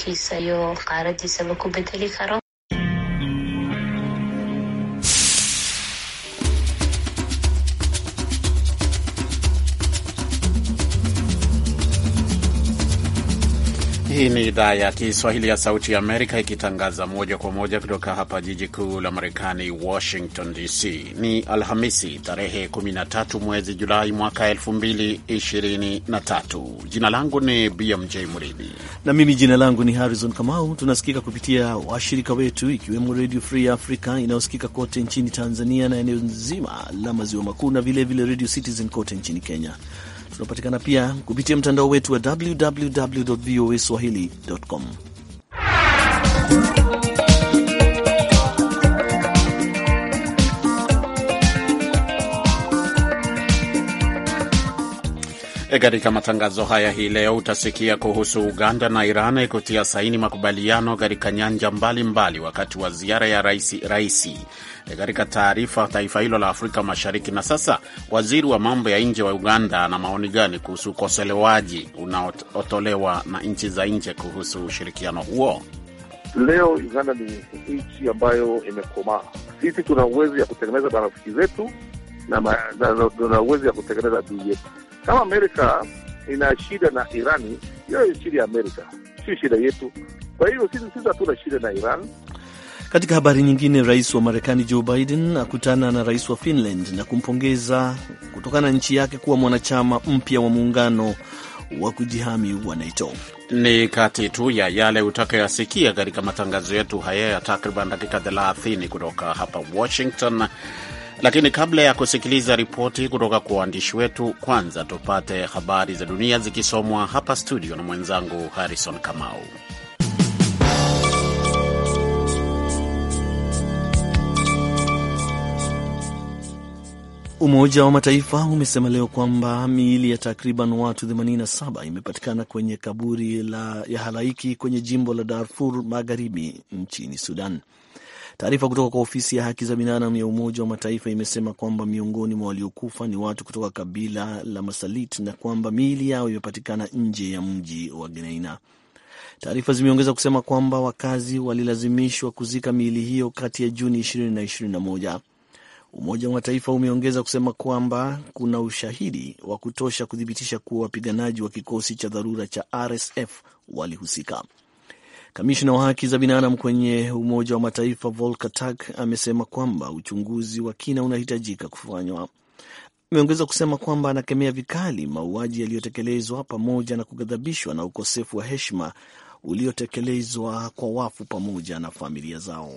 kiisa iyo qaaradiisaba ku bedeli karo Hii ni idhaa ya Kiswahili ya Sauti ya Amerika ikitangaza moja kwa moja kutoka hapa jiji kuu la Marekani, Washington DC. Ni Alhamisi tarehe 13 mwezi Julai mwaka 2023. Jina langu ni BMJ Mridhi na mimi jina langu ni Harrison Kamau. Tunasikika kupitia washirika wetu ikiwemo Radio Free Africa inayosikika kote nchini Tanzania na eneo nzima la maziwa makuu na vilevile Radio Citizen kote nchini Kenya. Tunapatikana pia kupitia mtandao wetu wa www voa swahili.com. Katika matangazo haya hii leo utasikia kuhusu Uganda na Iran kutia saini makubaliano katika nyanja mbalimbali mbali, wakati wa ziara ya raisi raisi e, katika taarifa taifa hilo la Afrika Mashariki. Na sasa waziri wa mambo ya nje wa Uganda ana maoni gani kuhusu ukosolewaji unaotolewa na nchi za nje kuhusu ushirikiano huo? Leo Uganda ni nchi ambayo imekomaa. Sisi tuna uwezo ya kutengeneza marafiki zetu na tuna uwezo ya kutengeneza adui yetu kama Amerika ina shida na Irani, hiyo shida ya Amerika, sio shida yetu. Kwa hiyo sisi hatuna shida na Iran. Katika habari nyingine, rais wa Marekani Joe Biden akutana na rais wa Finland na kumpongeza kutokana na nchi yake kuwa mwanachama mpya wa muungano wa kujihami wa NATO. Ni kati tu ya yale utakayoyasikia katika matangazo yetu haya ya takriban dakika 30 kutoka hapa Washington. Lakini kabla ya kusikiliza ripoti kutoka kwa waandishi wetu, kwanza tupate habari za dunia zikisomwa hapa studio na mwenzangu Harrison Kamau. Umoja wa Mataifa umesema leo kwamba miili ya takriban watu 87 imepatikana kwenye kaburi la ya halaiki kwenye jimbo la Darfur Magharibi nchini Sudan. Taarifa kutoka kwa ofisi ya haki za binadamu ya Umoja wa Mataifa imesema kwamba miongoni mwa waliokufa ni watu kutoka kabila la Masalit na kwamba miili yao imepatikana nje ya mji wa Geneina. Taarifa zimeongeza kusema kwamba wakazi walilazimishwa kuzika miili hiyo kati ya Juni 20 na 21. Umoja wa Mataifa umeongeza kusema kwamba kuna ushahidi wa kutosha kuthibitisha kuwa wapiganaji wa kikosi cha dharura cha RSF walihusika. Kamishna wa haki za binadamu kwenye Umoja wa Mataifa Volker Turk amesema kwamba uchunguzi wa kina unahitajika kufanywa. Ameongeza kusema kwamba anakemea vikali mauaji yaliyotekelezwa pamoja na kughadhabishwa na ukosefu wa heshima uliotekelezwa kwa wafu pamoja na familia zao.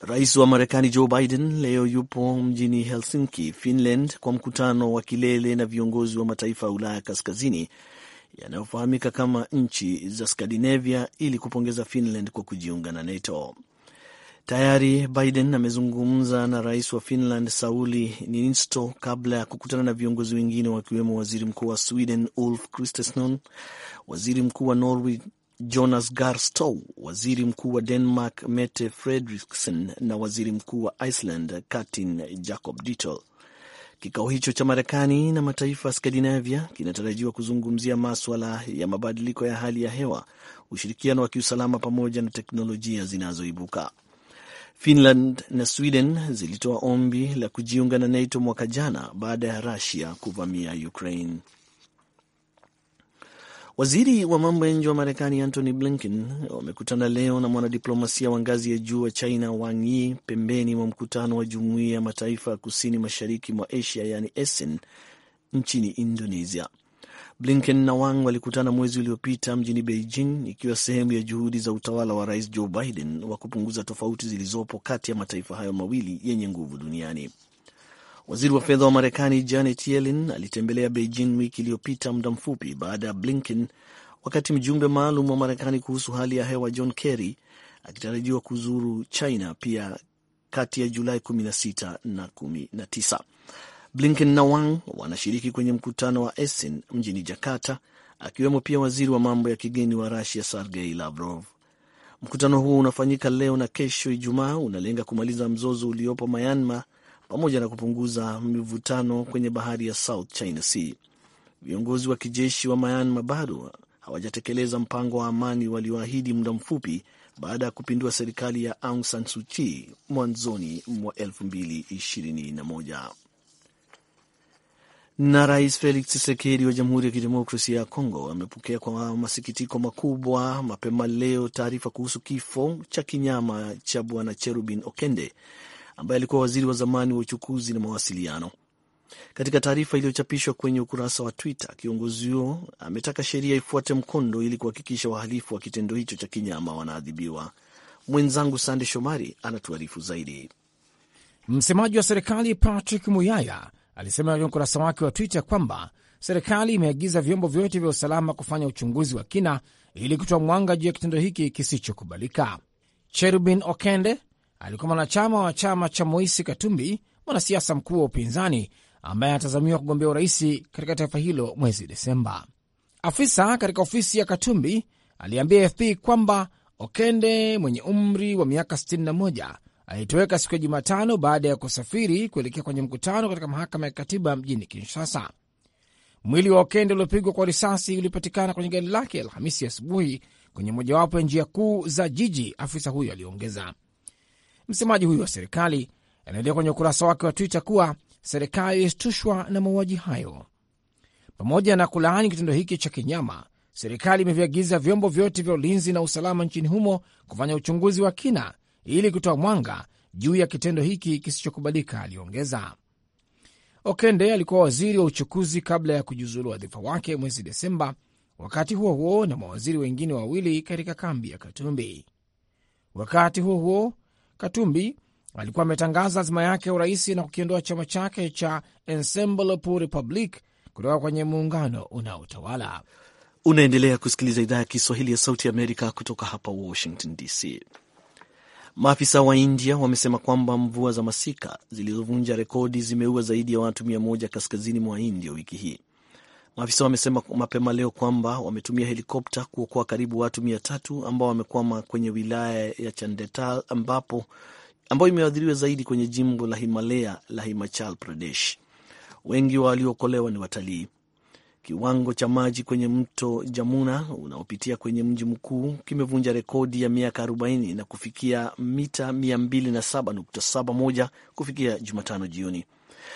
Rais wa Marekani Joe Biden leo yupo mjini Helsinki, Finland, kwa mkutano wa kilele na viongozi wa mataifa ya Ulaya Kaskazini yanayofahamika kama nchi za Skandinavia ili kupongeza Finland kwa kujiunga na NATO. Tayari Biden amezungumza na rais wa Finland Sauli Niinisto kabla ya kukutana na viongozi wengine wakiwemo waziri mkuu wa Sweden Ulf Kristersson, waziri mkuu wa Norway Jonas Gahr Store, waziri mkuu wa Denmark Mette Frederiksen na waziri mkuu wa Iceland Katrin Jacob Dittel. Kikao hicho cha Marekani na mataifa ya Skandinavia kinatarajiwa kuzungumzia maswala ya mabadiliko ya hali ya hewa, ushirikiano wa kiusalama, pamoja na teknolojia zinazoibuka. Finland na Sweden zilitoa ombi la kujiunga na NATO mwaka jana baada ya Rusia kuvamia Ukraine. Waziri wa mambo ya nje wa Marekani Antony Blinken wamekutana leo na mwanadiplomasia wa ngazi ya juu wa China Wang Yi pembeni mwa mkutano wa Jumuiya ya Mataifa ya Kusini Mashariki mwa Asia yani ASEAN nchini Indonesia. Blinken na Wang walikutana mwezi uliopita mjini Beijing ikiwa sehemu ya juhudi za utawala wa Rais Joe Biden wa kupunguza tofauti zilizopo kati ya mataifa hayo mawili yenye nguvu duniani. Waziri wa fedha wa Marekani Janet Yellen alitembelea Beijing wiki iliyopita, muda mfupi baada ya Blinken, wakati mjumbe maalum wa Marekani kuhusu hali ya hewa John Kerry akitarajiwa kuzuru China pia kati ya Julai 16 na 19. Blinken na Wang wanashiriki kwenye mkutano wa Essen mjini Jakarta, akiwemo pia waziri wa mambo ya kigeni wa Rusia Sergei Lavrov. Mkutano huo unafanyika leo na kesho Ijumaa, unalenga kumaliza mzozo uliopo Myanmar pamoja na kupunguza mivutano kwenye bahari ya South China Sea. Viongozi wa kijeshi wa Myanmar bado hawajatekeleza mpango wa amani walioahidi muda mfupi baada ya kupindua serikali ya Aung San Suu Kyi mwanzoni mwa 2021. Na Rais Felix Tshisekedi wa Jamhuri ya Kidemokrasia ya Kongo amepokea kwa masikitiko makubwa mapema leo taarifa kuhusu kifo cha kinyama cha Bwana Cherubin Okende ambaye alikuwa waziri wa zamani wa uchukuzi na mawasiliano. Katika taarifa iliyochapishwa kwenye ukurasa wa Twitter, kiongozi huo ametaka sheria ifuate mkondo ili kuhakikisha wahalifu wa kitendo hicho cha kinyama wanaadhibiwa. Mwenzangu Sande Shomari anatuarifu zaidi. Msemaji wa serikali Patrick Muyaya alisema kwenye ukurasa wake wa Twitter kwamba serikali imeagiza vyombo vyote vya usalama kufanya uchunguzi wa kina ili kutoa mwanga juu ya kitendo hiki kisichokubalika. Cherubin Okende alikuwa mwanachama wa chama cha Moisi Katumbi, mwanasiasa mkuu wa upinzani ambaye anatazamiwa kugombea urais katika taifa hilo mwezi Desemba. Afisa katika ofisi ya Katumbi aliambia AFP kwamba Okende mwenye umri wa miaka 61 alitoweka siku ya Jumatano baada ya kusafiri kuelekea kwenye mkutano katika mahakama ya katiba mjini Kinshasa. Mwili wa Okende uliopigwa kwa risasi ulipatikana kwenye gari lake Alhamisi asubuhi kwenye mojawapo ya njia kuu za jiji, afisa huyo aliongeza. Msemaji huyo wa serikali anaendelea kwenye ukurasa wake wa Twitter kuwa serikali ilishtushwa na mauaji hayo. Pamoja na kulaani kitendo hiki cha kinyama, serikali imeviagiza vyombo vyote vya ulinzi na usalama nchini humo kufanya uchunguzi wa kina ili kutoa mwanga juu ya kitendo hiki kisichokubalika, aliongeza. Okende alikuwa waziri wa uchukuzi kabla ya kujiuzulu wadhifa wake mwezi Desemba, wakati huo huo na mawaziri wengine wawili katika kambi ya Katumbi. Wakati huo huo, Katumbi alikuwa ametangaza azima yake ya urais na kukiondoa chama chake cha Ensemble pour Republique kutoka kwenye muungano unaotawala. Unaendelea kusikiliza idhaa ya Kiswahili ya Sauti Amerika kutoka hapa Washington DC. Maafisa wa India wamesema kwamba mvua za masika zilizovunja rekodi zimeua zaidi ya watu mia moja kaskazini mwa India wiki hii. Maafisa wamesema mapema leo kwamba wametumia helikopta kuokoa karibu watu mia tatu ambao wamekwama kwenye wilaya ya Chandetal ambapo ambayo imeathiriwa zaidi kwenye jimbo la Himalaya la Himachal Pradesh. Wengi wa waliookolewa ni watalii. Kiwango cha maji kwenye mto Jamuna unaopitia kwenye mji mkuu kimevunja rekodi ya miaka 40 na kufikia mita 207.71 kufikia Jumatano jioni.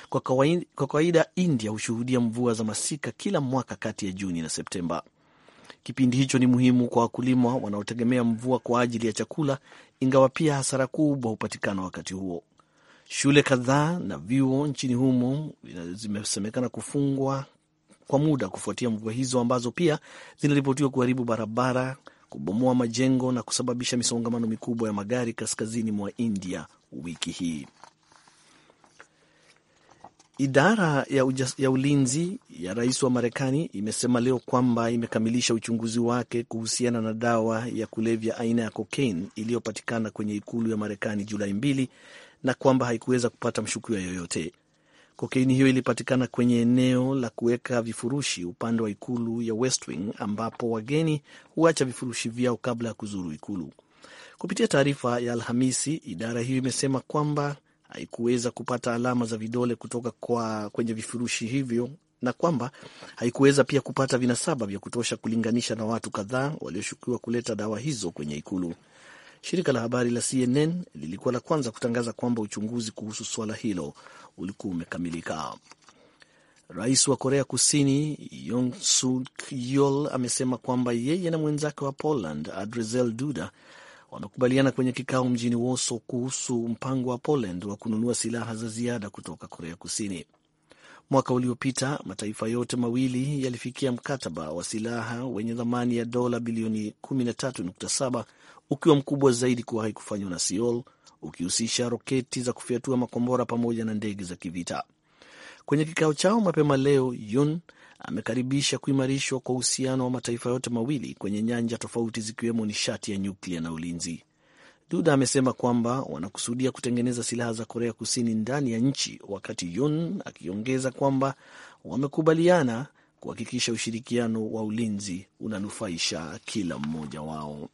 Kwa kawaida India hushuhudia mvua za masika kila mwaka kati ya Juni na Septemba. Kipindi hicho ni muhimu kwa wakulima wanaotegemea mvua kwa ajili ya chakula, ingawa pia hasara kubwa hupatikana wakati huo. Shule kadhaa na vyuo nchini humo zimesemekana kufungwa kwa muda kufuatia mvua hizo ambazo pia zinaripotiwa kuharibu barabara, kubomoa majengo na kusababisha misongamano mikubwa ya magari kaskazini mwa India wiki hii. Idara ya, ujas, ya ulinzi ya rais wa Marekani imesema leo kwamba imekamilisha uchunguzi wake kuhusiana na dawa ya kulevya aina ya kokain iliyopatikana kwenye ikulu ya Marekani Julai mbili na kwamba haikuweza kupata mshukiwa yoyote. Kokaini hiyo ilipatikana kwenye eneo la kuweka vifurushi upande wa ikulu ya West Wing ambapo wageni huacha vifurushi vyao kabla ya kuzuru ikulu. Kupitia taarifa ya Alhamisi, idara hiyo imesema kwamba haikuweza kupata alama za vidole kutoka kwa kwenye vifurushi hivyo na kwamba haikuweza pia kupata vinasaba vya kutosha kulinganisha na watu kadhaa walioshukiwa kuleta dawa hizo kwenye ikulu. Shirika la habari la CNN lilikuwa la kwanza kutangaza kwamba uchunguzi kuhusu suala hilo ulikuwa umekamilika. Rais wa Korea Kusini Yoon Suk Yeol amesema kwamba yeye na mwenzake wa Poland Andrzej Duda wamekubaliana kwenye kikao mjini Warsaw kuhusu mpango wa Poland wa kununua silaha za ziada kutoka Korea Kusini. Mwaka uliopita mataifa yote mawili yalifikia mkataba wa silaha wenye thamani ya dola bilioni 13.7 ukiwa mkubwa zaidi kuwahi kufanywa na Seoul, ukihusisha roketi za kufyatua makombora pamoja na ndege za kivita. Kwenye kikao chao mapema leo, Yun amekaribisha kuimarishwa kwa uhusiano wa mataifa yote mawili kwenye nyanja tofauti zikiwemo nishati ya nyuklia na ulinzi. Duda amesema kwamba wanakusudia kutengeneza silaha za Korea Kusini ndani ya nchi, wakati Yun akiongeza kwamba wamekubaliana kuhakikisha ushirikiano wa ulinzi unanufaisha kila mmoja wao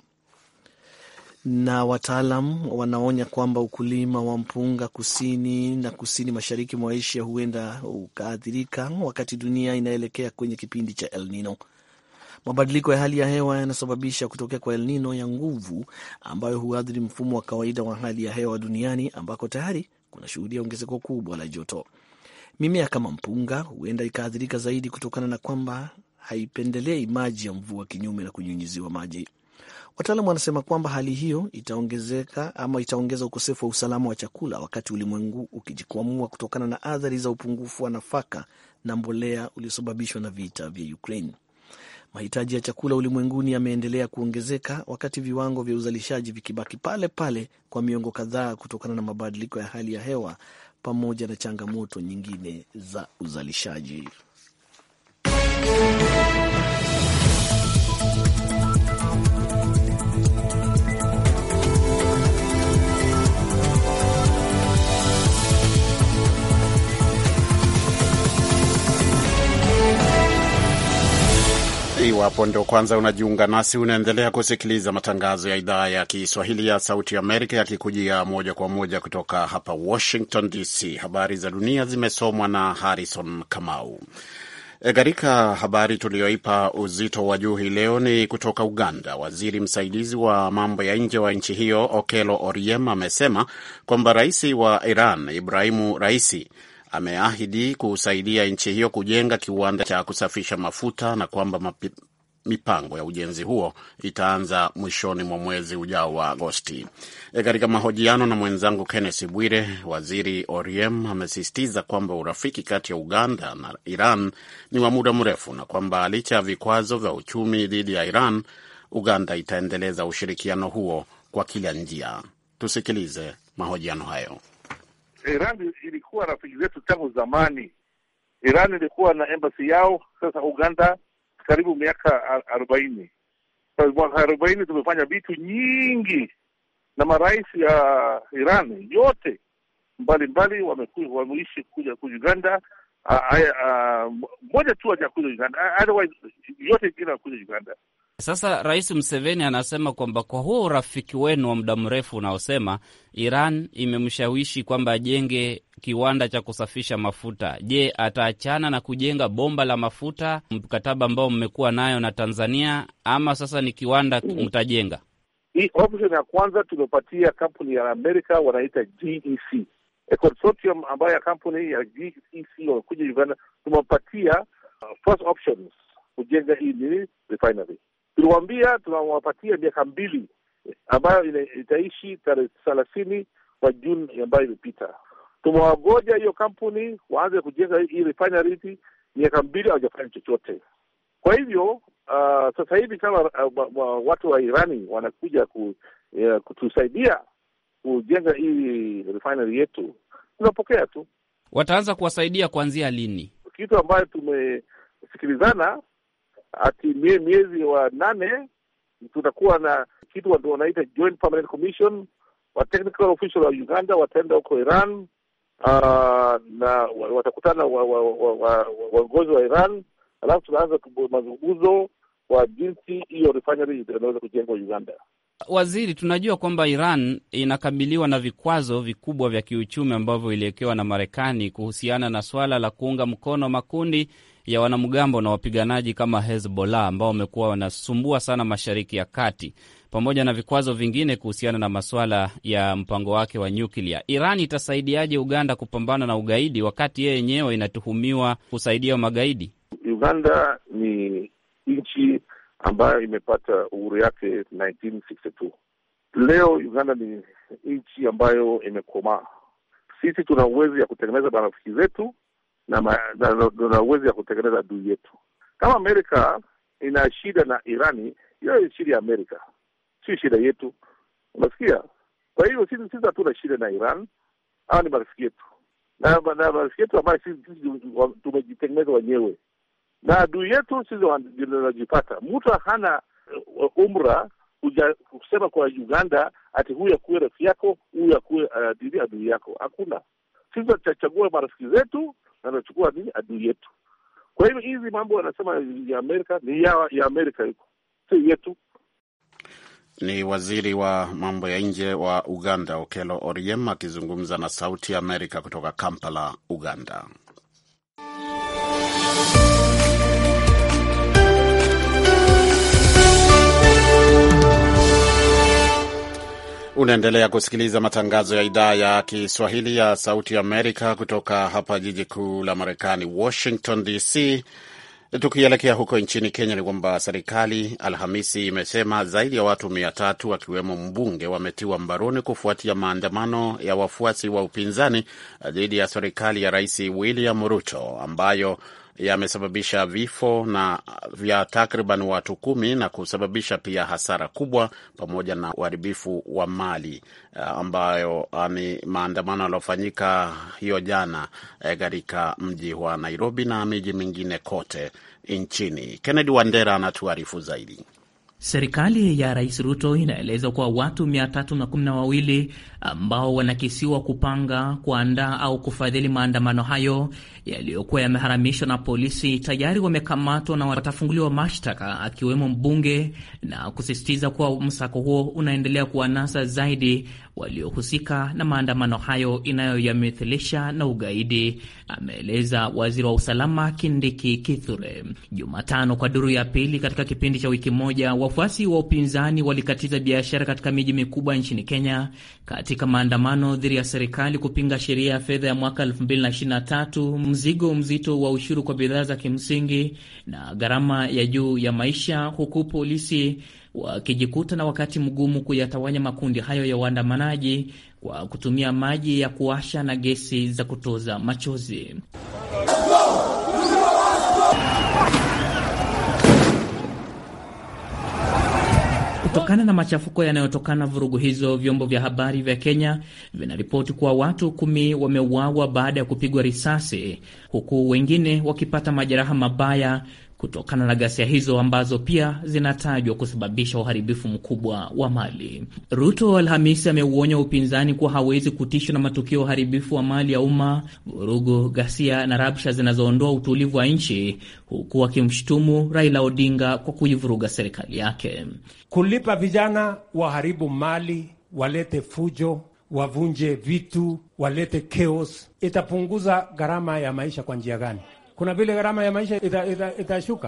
na wataalam wanaonya kwamba ukulima wa mpunga kusini na kusini mashariki mwa Asia huenda ukaathirika wakati dunia inaelekea kwenye kipindi cha El Nino. Mabadiliko ya hali ya hewa yanasababisha kutokea kwa El Nino ya nguvu ambayo huathiri mfumo wa kawaida wa hali ya hewa duniani ambako tayari kunashuhudia ongezeko kubwa la joto. Mimea kama mpunga huenda ikaathirika zaidi kutokana na kwamba haipendelei maji ya mvua, kinyume na kunyunyiziwa maji. Wataalamu wanasema kwamba hali hiyo itaongezeka ama itaongeza ukosefu wa usalama wa chakula, wakati ulimwengu ukijikwamua kutokana na athari za upungufu wa nafaka na mbolea uliosababishwa na vita vya Ukraine. Mahitaji ya chakula ulimwenguni yameendelea kuongezeka wakati viwango vya uzalishaji vikibaki pale pale kwa miongo kadhaa kutokana na mabadiliko ya hali ya hewa pamoja na changamoto nyingine za uzalishaji. Iwapo ndo kwanza unajiunga nasi, unaendelea kusikiliza matangazo ya idhaa ya Kiswahili ya Sauti Amerika yakikujia moja kwa moja kutoka hapa Washington DC. Habari za dunia zimesomwa na Harrison Kamau. E, katika habari tuliyoipa uzito wa juu hii leo ni kutoka Uganda. Waziri msaidizi wa mambo ya nje wa nchi hiyo okelo Oryem amesema kwamba rais wa Iran Ibrahimu Raisi ameahidi kusaidia nchi hiyo kujenga kiwanda cha kusafisha mafuta na kwamba mapi, mipango ya ujenzi huo itaanza mwishoni mwa mwezi ujao wa Agosti. E, katika mahojiano na mwenzangu Kenneth Bwire, waziri Oriem amesisitiza kwamba urafiki kati ya Uganda na Iran ni wa muda mrefu na kwamba licha ya vikwazo vya uchumi dhidi ya Iran, Uganda itaendeleza ushirikiano huo kwa kila njia. Tusikilize mahojiano hayo. Iran ilikuwa rafiki zetu tangu zamani. Iran ilikuwa na embassy yao sasa Uganda karibu miaka arobaini. Mwaka arobaini tumefanya vitu nyingi na marais ya Iran yote mbalimbali wameishi kuja kuja Uganda. Moja tu hajakuja Uganda, otherwise yote ingine hakuja Uganda. Sasa Rais Museveni anasema kwamba kwa huo urafiki wenu wa muda mrefu unaosema Iran imemshawishi kwamba ajenge kiwanda cha kusafisha mafuta, je, ataachana na kujenga bomba la mafuta, mkataba ambao mmekuwa nayo na Tanzania, ama sasa ni kiwanda mtajenga? Hii option ya kwanza tumepatia kampuni ya Amerika wanaita GEC, a consortium ambayo ya kampuni ya GEC wamekuja Uganda, tumepatia uh, first options kujenga hii nini refinery Tuliwaambia tunawapatia miaka mbili eh, ambayo itaishi tarehe thelathini kwa Juni ambayo imepita. Tumewagoja hiyo kampuni waanze kujenga hii refinery, miaka mbili hawajafanya chochote. Kwa hivyo uh, sasa hivi kama uh, watu wa Irani wanakuja ku, uh, kutusaidia kujenga hii refinery yetu, tunapokea tu. Wataanza kuwasaidia kuanzia lini? Kitu ambayo tumesikilizana ati miezi wa nane tutakuwa na kitu watu wanaita Joint Permanent Commission, wa technical official wa Uganda wataenda huko Iran, uh, na watakutana waongozi wa, wa, wa, wa Iran, alafu tunaanza mazungumzo wa jinsi hiyo refinery inaweza kujengwa Uganda. Waziri, tunajua kwamba Iran inakabiliwa na vikwazo vikubwa vya kiuchumi ambavyo iliwekewa na Marekani kuhusiana na swala la kuunga mkono makundi ya wanamgambo na wapiganaji kama Hezbollah ambao wamekuwa wanasumbua sana Mashariki ya Kati, pamoja na vikwazo vingine kuhusiana na maswala ya mpango wake wa nyuklia. Iran itasaidiaje Uganda kupambana na ugaidi wakati yeye yenyewe inatuhumiwa kusaidia magaidi? Uganda ni nchi ambayo imepata uhuru yake 1962. Leo Uganda ni nchi ambayo imekomaa. Sisi tuna uwezo ya kutengeneza marafiki zetu na tuna uwezo ya kutengeneza adui yetu. Kama Amerika ina shida na Irani, hiyo shida ya Amerika, sio shida yetu. Unasikia? Kwa hiyo sisi sisi hatuna shida na Iran, hawa ni marafiki yetu na marafiki yetu ambayo sisi tumejitengeneza wenyewe na adui yetu sisi wanajipata. Mtu hana uh, umra uja kusema kwa Uganda ati huyu akuwe rafiki yako, huyu akuwe uh, adui yako. Hakuna, sisi tutachagua marafiki zetu na tunachukua nini adui yetu. Kwa hivyo hizi mambo wanasema ya Amerika ni ya, ya Amerika iko si yetu. Ni waziri wa mambo ya nje wa Uganda Okello Oryem akizungumza na Sauti ya Amerika kutoka Kampala, Uganda. Unaendelea kusikiliza matangazo ya idhaa ya Kiswahili ya Sauti Amerika kutoka hapa jiji kuu la Marekani, Washington DC. Tukielekea huko nchini Kenya, ni kwamba serikali Alhamisi imesema zaidi ya watu mia tatu wakiwemo mbunge wametiwa mbaroni kufuatia maandamano ya wafuasi wa upinzani dhidi ya serikali ya Rais William Ruto ambayo yamesababisha vifo na vya takriban watu kumi na kusababisha pia hasara kubwa pamoja na uharibifu wa mali eh, ambayo ah, ni maandamano yaliyofanyika hiyo jana eh, katika mji wa Nairobi na miji mingine kote nchini. Kennedy Wandera anatuarifu zaidi. Serikali ya Rais Ruto inaeleza kuwa watu 312 ambao wanakisiwa kupanga, kuandaa au kufadhili maandamano hayo yaliyokuwa yameharamishwa na polisi tayari wamekamatwa na watafunguliwa mashtaka, akiwemo mbunge, na kusisitiza kuwa msako huo unaendelea kuwanasa zaidi waliohusika na maandamano hayo inayoyamithilisha na ugaidi, ameeleza waziri wa usalama Kindiki Kithure Jumatano. Kwa duru ya pili katika kipindi cha wiki moja, wafuasi wa upinzani walikatiza biashara katika miji mikubwa nchini Kenya katika maandamano dhidi ya serikali kupinga sheria ya fedha ya mwaka 2023 mzigo mzito wa ushuru kwa bidhaa za kimsingi na gharama ya juu ya maisha, huku polisi wakijikuta na wakati mgumu kuyatawanya makundi hayo ya waandamanaji kwa kutumia maji ya kuasha na gesi za kutoza machozi. Kutokana na machafuko yanayotokana vurugu hizo, vyombo vya habari vya Kenya vinaripoti kuwa watu kumi wameuawa baada ya kupigwa risasi, huku wengine wakipata majeraha mabaya kutokana na ghasia hizo ambazo pia zinatajwa kusababisha uharibifu mkubwa wa mali. Ruto Alhamisi ameuonya upinzani kuwa hawezi kutishwa na matukio ya uharibifu wa mali ya umma, vurugu, ghasia na rabsha zinazoondoa utulivu wa nchi, huku akimshutumu Raila Odinga kwa kuivuruga serikali yake. Kulipa vijana waharibu mali, walete fujo, wavunje vitu, walete chaos, itapunguza gharama ya maisha kwa njia gani? kuna vile gharama ya maisha itashuka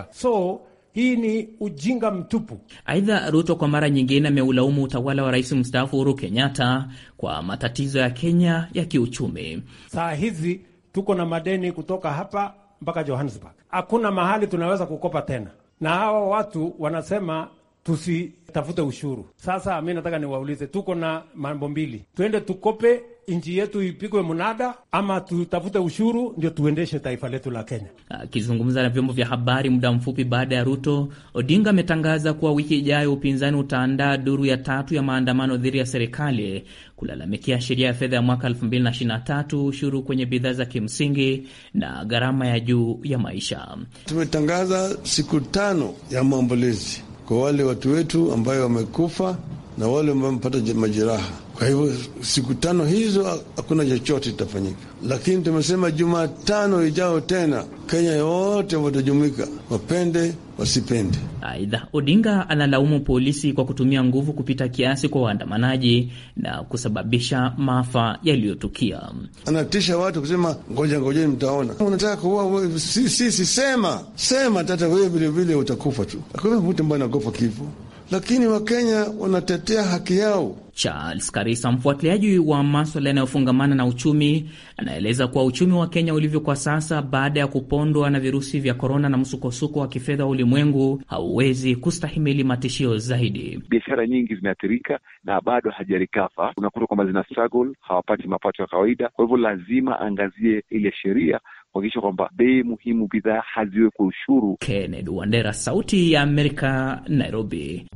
ita, ita so hii ni ujinga mtupu. Aidha, Ruto kwa mara nyingine ameulaumu utawala wa rais mstaafu Uhuru Kenyatta kwa matatizo ya Kenya ya kiuchumi. Saa hizi tuko na madeni kutoka hapa mpaka Johannesburg, hakuna mahali tunaweza kukopa tena, na hawa watu wanasema tusitafute ushuru. Sasa mi nataka niwaulize, tuko na mambo mbili, tuende tukope nchi yetu ipigwe mnada ama tutafute ushuru ndio tuendeshe taifa letu la Kenya. Akizungumza na vyombo vya habari muda mfupi baada ya Ruto, Odinga ametangaza kuwa wiki ijayo upinzani utaandaa duru ya tatu ya maandamano dhidi ya serikali kulalamikia sheria ya fedha ya mwaka 2023, ushuru kwenye bidhaa za kimsingi na gharama ya juu ya maisha. Tumetangaza siku tano ya maombolezi kwa wale watu wetu ambayo wamekufa na wale wamepata majeraha. Kwa hivyo siku tano hizo hakuna chochote itafanyika, lakini tumesema Jumatano ijao tena Kenya yote watajumuika, wapende wasipende. Aidha, Odinga analaumu polisi kwa kutumia nguvu kupita kiasi kwa waandamanaji na kusababisha maafa yaliyotukia. Anatisha watu kusema ngoja ngojeni, mtaona. Unataka kuua sisi? Sema sema, tata wewe vilevile utakufa tu. Hakuna mtu ambaye anagopa kifo lakini Wakenya wanatetea haki yao. Charles Karisa, mfuatiliaji wa maswala yanayofungamana na uchumi, anaeleza kuwa uchumi wa Kenya ulivyo kwa sasa baada ya kupondwa na virusi vya korona na msukosuko wa kifedha wa ulimwengu hauwezi kustahimili matishio zaidi. Biashara nyingi zimeathirika na bado hajarikafa, unakuta kwamba zina struggle, hawapati mapato ya kawaida. Kwa hivyo lazima aangazie ile sheria kuhakikisha kwamba bei muhimu bidhaa haziwe kwa ushuru. Kennedy Wandera, Sauti ya Amerika, Nairobi.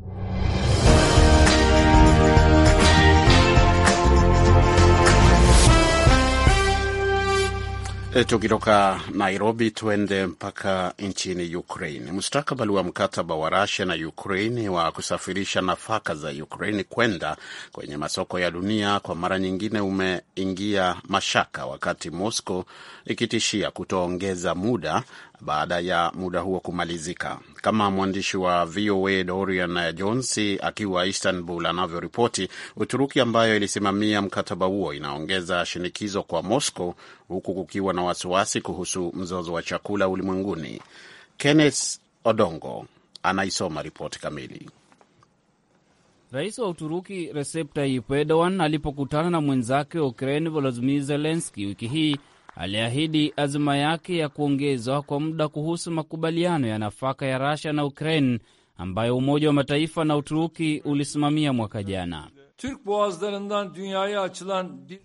Eh, Tukitoka Nairobi tuende mpaka nchini Ukraine. Mustakabali wa mkataba wa Rusia na Ukraine wa kusafirisha nafaka za Ukraine kwenda kwenye masoko ya dunia kwa mara nyingine umeingia mashaka, wakati Moscow ikitishia kutoongeza muda baada ya muda huo kumalizika, kama mwandishi wa VOA Dorian Jones akiwa Istanbul anavyoripoti. Uturuki ambayo ilisimamia mkataba huo inaongeza shinikizo kwa Moscow, huku kukiwa na wasiwasi kuhusu mzozo wa chakula ulimwenguni. Kenneth Odongo anaisoma ripoti kamili. Rais wa Uturuki Recep Tayyip Erdogan alipokutana na mwenzake wa Ukraine Volodymyr zelenski wiki hii aliahidi azma yake ya kuongezwa kwa muda kuhusu makubaliano ya nafaka ya rasha na Ukraine ambayo Umoja wa Mataifa na Uturuki ulisimamia mwaka jana.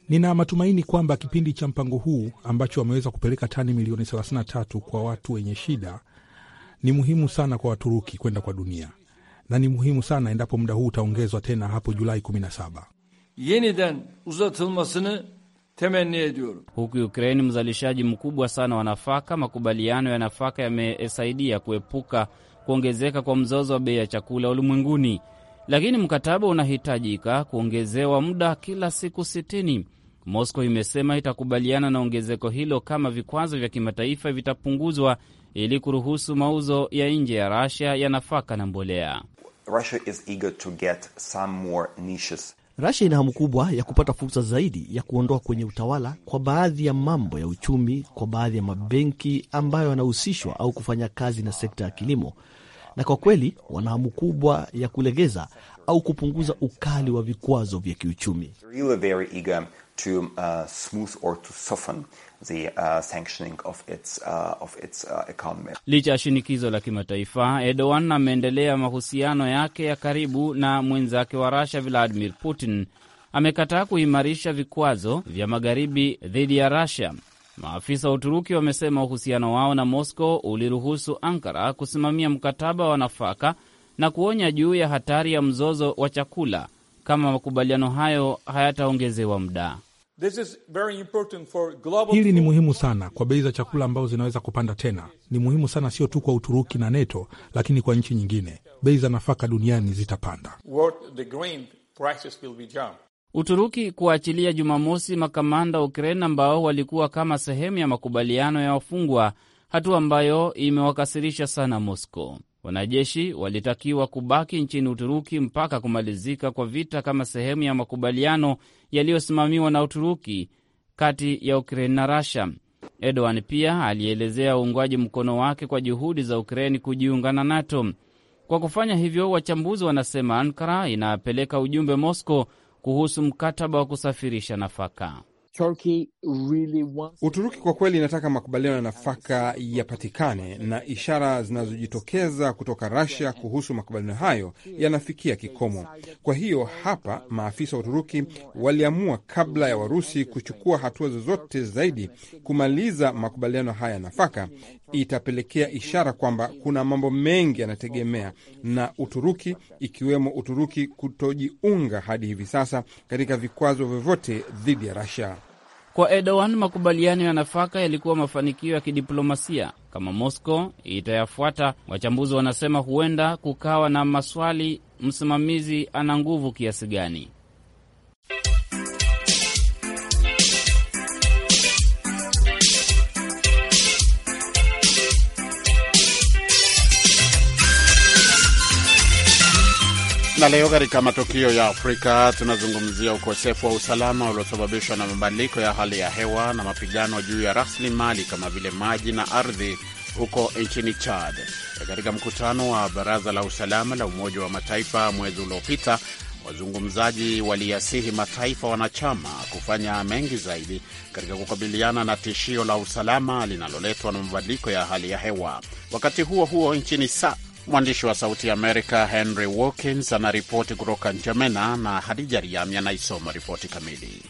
Nina matumaini kwamba kipindi cha mpango huu ambacho wameweza kupeleka tani milioni 33 kwa watu wenye shida ni muhimu sana kwa Waturuki kwenda kwa dunia na ni muhimu sana endapo muda huu utaongezwa tena hapo Julai 17 yeniden uzatılmasını temenni ediyorum. Huku Ukraini mzalishaji mkubwa sana wa nafaka, makubaliano ya nafaka yamesaidia kuepuka kuongezeka kwa mzozo wa bei ya chakula ulimwenguni, lakini mkataba unahitajika kuongezewa muda kila siku sitini. Moscow imesema itakubaliana na ongezeko hilo kama vikwazo vya kimataifa vitapunguzwa ili kuruhusu mauzo ya nje ya Russia ya nafaka na mbolea. Russia is eager to get some more niches rasia ina hamu kubwa ya kupata fursa zaidi ya kuondoa kwenye utawala kwa baadhi ya mambo ya uchumi kwa baadhi ya mabenki ambayo yanahusishwa au kufanya kazi na sekta ya kilimo, na kwa kweli wana hamu kubwa ya kulegeza au kupunguza ukali wa vikwazo vya kiuchumi to uh, smooth or to soften the uh, sanctioning of its, uh, of its economy. Licha ya shinikizo la kimataifa, Erdogan ameendelea mahusiano yake ya karibu na mwenzake wa Russia Vladimir Putin. Amekataa kuimarisha vikwazo vya magharibi dhidi ya Russia. Maafisa wa Uturuki wamesema uhusiano wao na Moscow uliruhusu Ankara kusimamia mkataba wa nafaka na kuonya juu ya hatari ya mzozo wa chakula kama makubaliano hayo hayataongezewa muda. Hili ni muhimu sana kwa bei za chakula ambazo zinaweza kupanda tena. Ni muhimu sana sio tu kwa Uturuki na NATO, lakini kwa nchi nyingine. Bei za nafaka duniani zitapanda. Uturuki kuachilia Jumamosi makamanda wa Ukraine ambao walikuwa kama sehemu ya makubaliano ya wafungwa, hatua ambayo imewakasirisha sana Moscow. Wanajeshi walitakiwa kubaki nchini Uturuki mpaka kumalizika kwa vita kama sehemu ya makubaliano yaliyosimamiwa na Uturuki kati ya Ukraini na Rasha. Erdogan pia alielezea uungwaji mkono wake kwa juhudi za Ukraini kujiunga na NATO. Kwa kufanya hivyo, wachambuzi wanasema Ankara inapeleka ujumbe Moscow kuhusu mkataba wa kusafirisha nafaka. Uturuki kwa kweli inataka makubaliano ya nafaka yapatikane, na ishara zinazojitokeza kutoka Russia kuhusu makubaliano hayo yanafikia kikomo. Kwa hiyo hapa maafisa wa Uturuki waliamua kabla ya Warusi kuchukua hatua zozote zaidi kumaliza makubaliano haya ya nafaka, itapelekea ishara kwamba kuna mambo mengi yanategemea na Uturuki, ikiwemo Uturuki kutojiunga hadi hivi sasa katika vikwazo vyovyote dhidi ya Russia. Kwa Erdogan, makubaliano ya nafaka yalikuwa mafanikio ya kidiplomasia. Kama Moscow itayafuata, wachambuzi wanasema huenda kukawa na maswali, msimamizi ana nguvu kiasi gani? Na leo katika matukio ya Afrika tunazungumzia ukosefu wa usalama uliosababishwa na mabadiliko ya hali ya hewa na mapigano juu ya rasilimali kama vile maji na ardhi huko nchini Chad. Katika mkutano wa Baraza la Usalama la Umoja wa Mataifa mwezi uliopita, wazungumzaji waliyasihi mataifa wanachama kufanya mengi zaidi katika kukabiliana na tishio la usalama linaloletwa na mabadiliko ya hali ya hewa. Wakati huo huo, nchini sa Mwandishi wa Sauti ya Amerika Henry Wilkins anaripoti kutoka Njamena na Hadija Riami anaisoma ripoti kamili.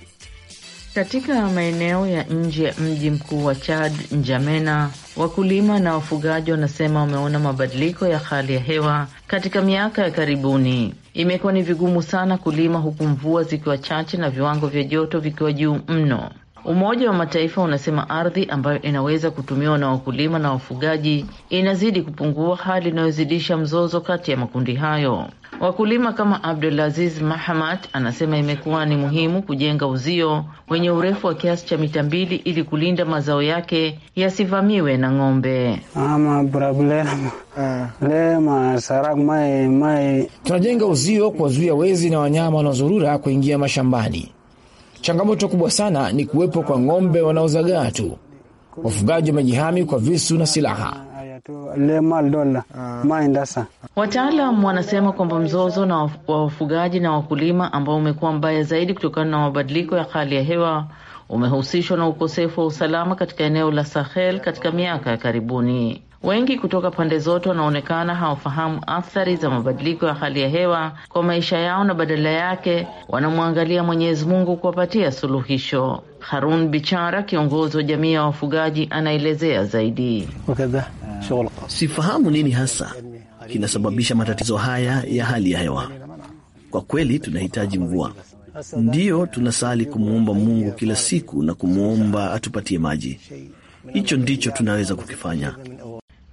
Katika maeneo ya nje ya mji mkuu wa Chad, Njamena, wakulima na wafugaji wanasema wameona mabadiliko ya hali ya hewa katika miaka ya karibuni. Imekuwa ni vigumu sana kulima huku mvua zikiwa chache na viwango vya joto vikiwa juu mno. Umoja wa Mataifa unasema ardhi ambayo inaweza kutumiwa na wakulima na wafugaji inazidi kupungua, hali inayozidisha mzozo kati ya makundi hayo. Wakulima kama Abdulaziz Mahamat anasema imekuwa ni muhimu kujenga uzio wenye urefu wa kiasi cha mita mbili ili kulinda mazao yake yasivamiwe na ng'ombe. Ama ah. tunajenga uzio kuwazuia wezi na wanyama wanaozurura kuingia mashambani. Changamoto kubwa sana ni kuwepo kwa ng'ombe wanaozagaa tu. Wafugaji wamejihami kwa visu na silaha. Wataalam wanasema kwamba mzozo na wa wafugaji na wakulima ambao umekuwa mbaya zaidi kutokana na mabadiliko ya hali ya hewa umehusishwa na ukosefu wa usalama katika eneo la Sahel katika miaka ya karibuni. Wengi kutoka pande zote wanaonekana hawafahamu athari za mabadiliko ya hali ya hewa kwa maisha yao, na badala yake wanamwangalia Mwenyezi Mungu kuwapatia suluhisho. Harun Bichara, kiongozi wa jamii ya wafugaji, anaelezea zaidi. Sifahamu nini hasa kinasababisha matatizo haya ya hali ya hewa. Kwa kweli tunahitaji mvua, ndiyo tunasali kumwomba Mungu kila siku na kumwomba atupatie maji. Hicho ndicho tunaweza kukifanya.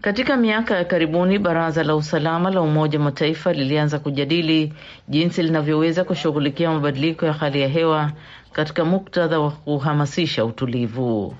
Katika miaka ya karibuni Baraza la Usalama la Umoja wa Mataifa lilianza kujadili jinsi linavyoweza kushughulikia mabadiliko ya hali ya hewa katika muktadha wa kuhamasisha utulivu.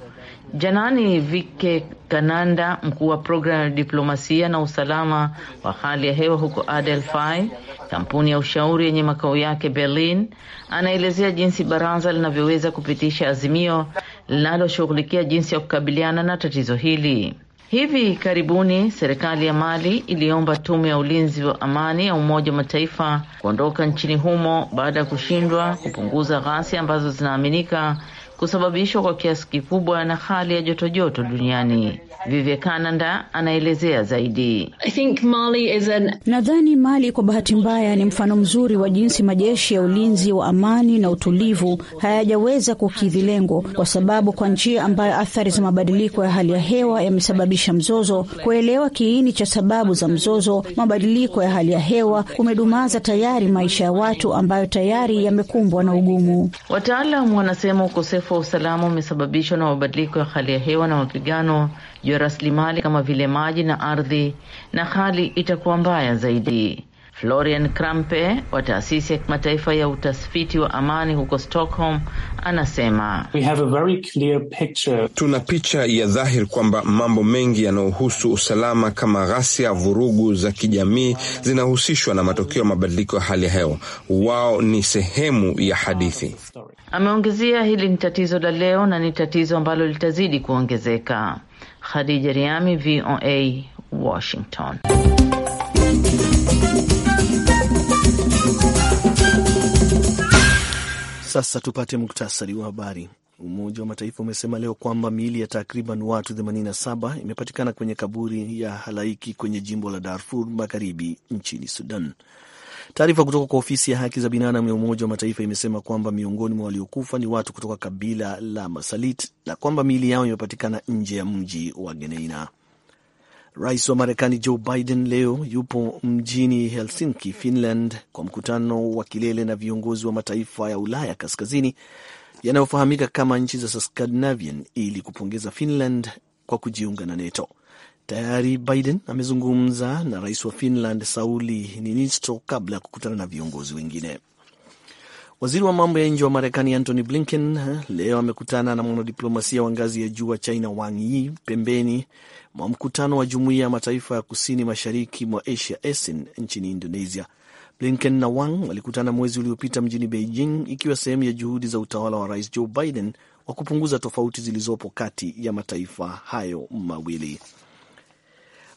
Janani Vike Kananda, mkuu wa programu ya diplomasia na usalama wa hali ya hewa huko Adelphi, kampuni ya ushauri yenye makao yake Berlin, anaelezea jinsi baraza linavyoweza kupitisha azimio linaloshughulikia jinsi ya kukabiliana na tatizo hili. Hivi karibuni serikali ya Mali iliomba tume ya ulinzi wa amani ya Umoja wa Mataifa kuondoka nchini humo baada ya kushindwa kupunguza ghasia ambazo zinaaminika kusababishwa kwa kiasi kikubwa na hali ya jotojoto duniani. Vivekananda anaelezea zaidi. an... nadhani Mali kwa bahati mbaya ni mfano mzuri wa jinsi majeshi ya ulinzi wa amani na utulivu hayajaweza kukidhi lengo, kwa sababu kwa njia ambayo athari za mabadiliko ya hali ya hewa yamesababisha mzozo. Kuelewa kiini cha sababu za mzozo, mabadiliko ya hali ya hewa, kumedumaza tayari maisha ya watu ambayo tayari yamekumbwa na ugumu. Wataalam wanasema ukosefu wa usalama umesababishwa na mabadiliko ya hali ya hewa na mapigano juu ya rasilimali kama vile maji na ardhi, na hali itakuwa mbaya zaidi. Florian Krampe wa taasisi ya kimataifa ya utafiti wa amani huko Stockholm anasema We have a very clear picture. Tuna picha ya dhahiri kwamba mambo mengi yanayohusu usalama kama ghasia, vurugu za kijamii zinahusishwa na matokeo ya mabadiliko ya hali ya hewa. Wao ni sehemu ya hadithi. Ameongezea, hili ni tatizo la leo na ni tatizo ambalo litazidi kuongezeka. Khadija Riami, VOA Washington. Sasa tupate muktasari wa habari. Umoja wa Mataifa umesema leo kwamba miili ya takriban watu 87 imepatikana kwenye kaburi ya halaiki kwenye jimbo la Darfur magharibi nchini Sudan. Taarifa kutoka kwa ofisi ya haki za binadamu ya Umoja wa Mataifa imesema kwamba miongoni mwa waliokufa ni watu kutoka kabila la Masalit na kwamba miili yao imepatikana nje ya mji wa Geneina. Rais wa Marekani Joe Biden leo yupo mjini Helsinki, Finland, kwa mkutano wa kilele na viongozi wa mataifa ya Ulaya kaskazini yanayofahamika kama nchi za Scandinavian ili kupongeza Finland kwa kujiunga na NATO. Tayari Biden amezungumza na rais wa Finland Sauli Niinisto kabla ya kukutana na viongozi wengine. Waziri wa mambo ya nje wa Marekani Antony Blinken leo amekutana na mwanadiplomasia wa ngazi ya juu wa China Wang Yi pembeni mwa mkutano wa Jumuiya ya Mataifa ya Kusini Mashariki mwa Asia ASEAN nchini Indonesia. Blinken na Wang walikutana mwezi uliopita mjini Beijing ikiwa sehemu ya juhudi za utawala wa Rais Joe Biden wa kupunguza tofauti zilizopo kati ya mataifa hayo mawili.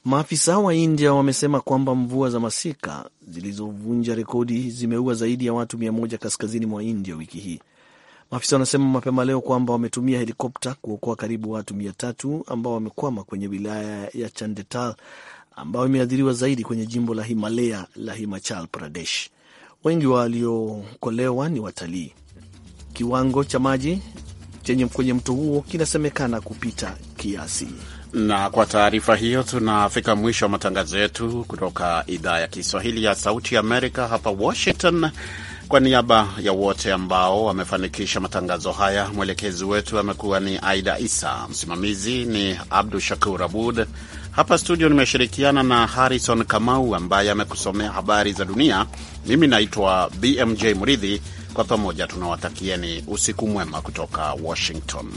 Maafisa wa India wamesema kwamba mvua za masika zilizovunja rekodi zimeua zaidi ya watu mia moja kaskazini mwa India wiki hii. Maafisa wanasema mapema leo kwamba wametumia helikopta kuokoa karibu watu mia tatu ambao wamekwama kwenye wilaya ya Chandetal ambayo imeathiriwa zaidi kwenye jimbo la Himalaya la Himachal Pradesh. Wengi waliokolewa ni watalii. Kiwango cha maji chenye kwenye mto huo kinasemekana kupita kiasi. Na kwa taarifa hiyo tunafika mwisho wa matangazo yetu kutoka idhaa ya Kiswahili ya Sauti Amerika hapa Washington. Kwa niaba ya wote ambao wamefanikisha matangazo haya, mwelekezi wetu amekuwa ni Aida Isa, msimamizi ni Abdu Shakur Abud. Hapa studio nimeshirikiana na Harrison Kamau ambaye amekusomea habari za dunia. Mimi naitwa BMJ Muridhi. Kwa pamoja tunawatakieni usiku mwema kutoka Washington.